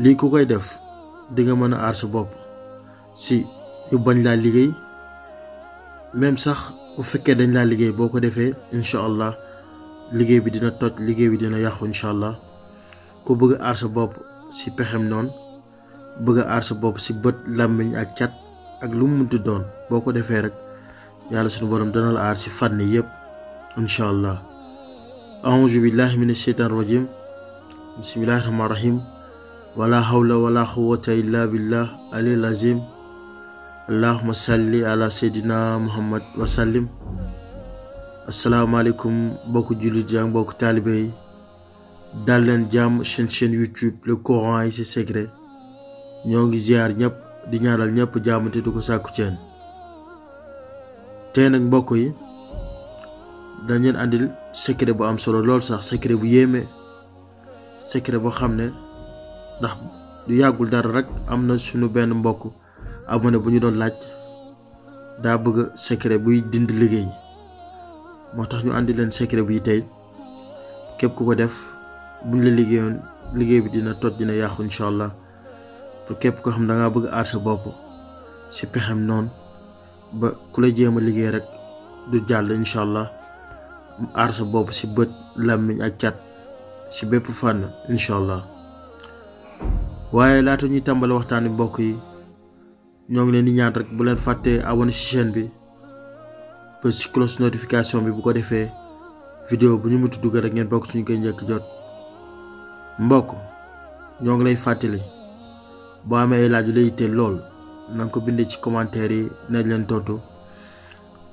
li ku koy def di nga mën a aar sa bopp si yu bañ laa liggéey même sax bu fekkee dañ laa liggéey boo ko defee incha allah liggéey bi dina toj liggéey bi dina yàqu incha allah ku bëgg a aar sa bopp si pexem noonu bëgg a aar sa bopp si bët làmmiñ ak cat ak lu mu munti doon boo ko defee rek yàlla sunu borom dana la aar si fànn yëpp incha allah. أعوذ بالله من الشيطان الرجيم بسم الله الرحمن الرحيم wala hawla wala quwwata illa billah alil azim allahuma salli ala seydina muhammad wasallim asalaamaaleykum mbokku jullit yaa mbokku taalibe yi dal leen jàmm seen chaîne youtube le Coran et ses secrets ñoo ngi ziar ñëpp di ñaanal ñëpp jàmm te du ko sàkku ceen tey nag mbokk yi dañ leen andil secret bu am solo lool sax secret bu yéeme secret boo xam ne ndax du yagul dara rek amna suñu benn mbokk abone bu ñu doon laaj daa bëgg secret buy dind liggéey motax ñu andi leen secret bi tay kep ku ko def buñ la liggéeyoon liggéey bi dina toj dina yaax inshallah pour kep ko xam da nga bëgg arsa bop ci pexam non ba ku la jema liggéey rek du jall inshallah allah bop ci beut lamiñ ak ci fan inshallah waye la ñuy tàmbali waxtaan bi mbokk yi ñoo ngi leen di ñaan rek bu leen fàttee abonné ci chaîne bi ba ci cloche notification bi bu ko defee vidéo bu ñu mënti dugg rek ngeen bokk suñu koy njëkk jot mbokk ñoo ngi lay fàttali boo amee ay laaj lay itteel lool na ko bindee ci commentaire yi nañ leen tontu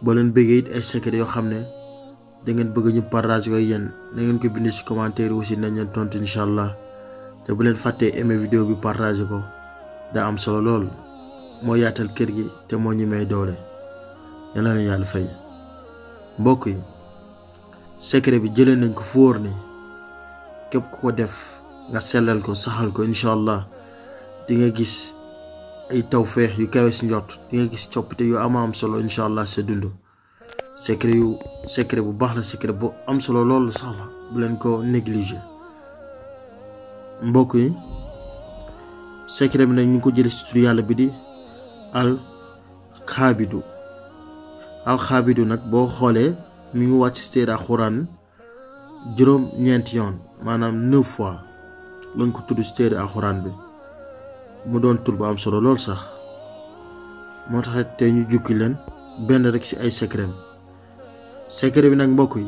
bo leen bëggee it ay secret yoo xam da ngeen bëgg ñu partage yéen na ngeen ko bindee ci commentaire aussi nañ leen tontu inshallah te bu leen fàttee aimé vidéo bi partagé ko daa am solo lool moo yaatal kër gi te moo ñi may doole yàlla na yàlla fay mbokk yi secret bi jëlee nañ ko fu wóor ni képp ku ko def nga sellal ko saxal ko incha allah di nga gis ay feex yu kawee si njort di nga gis coppite yu ama am solo incha allah sa dund secret yu secret bu baax la secret bu am solo loolu sax la bu leen ko négliger mbokk yi secret bi nag ñu ko jële situ yàlla bi di al alxaabidu alxaabidu nag boo xoolee mi ngi wàcc si téere alxuraan juróom ñeenti yoon maanaam neuf fois lañ ko tudd si téere alxuraan bi mu doon tur bu am solo lool sax moo tax te ñu jukki leen benn rekk ci ay secret secret bi nag mbokk yi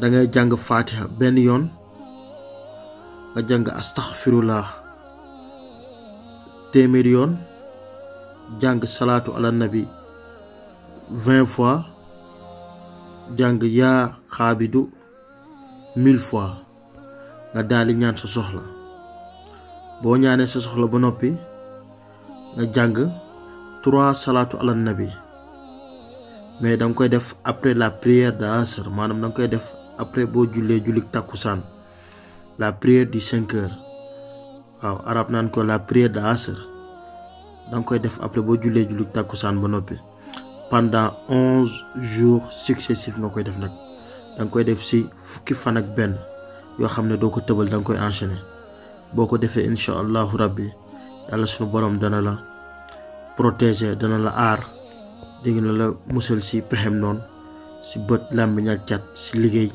da ngay jàng faatiha benn yoon nga jang astaghfirullah téeméeri yon jang salatu ala nabi 20 fois jang ya khabidu, 1000 fois nga dali ñaan sa soxla bo ñaané sa soxla bu nopi nga jang 3 salatu ala nabi mais dang koy def après la prière d'asr manam dang koy def après bo julé julik takusan la prière di 5 heures waaw arab nan ko la prière de asr dang koy def après bo julé julli takusan ba nopi pendant 11 jours successifs nga koy def nak dang koy def si fukki fan ak ben yo xamné do ko teubal dang koy enchaîner boko ko inshallah rabbi yalla sunu borom dana la protéger dana la ar dégg la si pehem non si beut lamb ñak cat si liggéey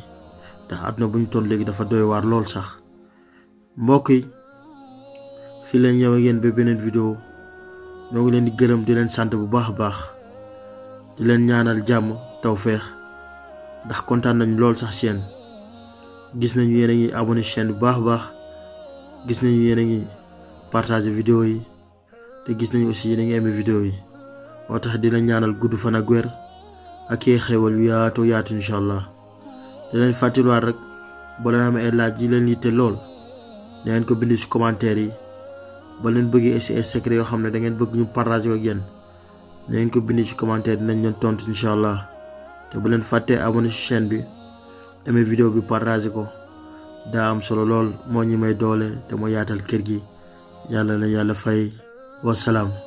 ndax àdduna bu ñu toll léegi dafa doy waar lool sax mbokk yi fii leen ñëw ak yéen beneen vidéo ñoo ngi leen di gërëm di leen sant bu baax a baax di leen ñaanal jàmm tawféex ndax kontaan nañ lool sax seen gis nañu yéen a ngi abonné chaîne bu baax a baax gis nañu yéen a ngi partagé vidéo yi te gis nañu aussi yéen a ngi aimé vidéo yi moo tax di leen ñaanal gudd fan ak wér ak yee xewal yu yaatu yaatu incha allah. di leen rek ba leen am ay laaj yi leen yitte lool da ngeen ko bind ci commentaire yi ba leen bëggee si ay secret yoo xam ne dangeen bëgg ñu partager ko ak yéen ngeen ko bind ci commentaire dinañ leen tontu incha allah te bu leen fàttee abonné ci bi amee vidéo bi partager ko daa am solo lool moo ñi may doole te moo yaatal kër gi yàlla na yàlla fay wasalaam.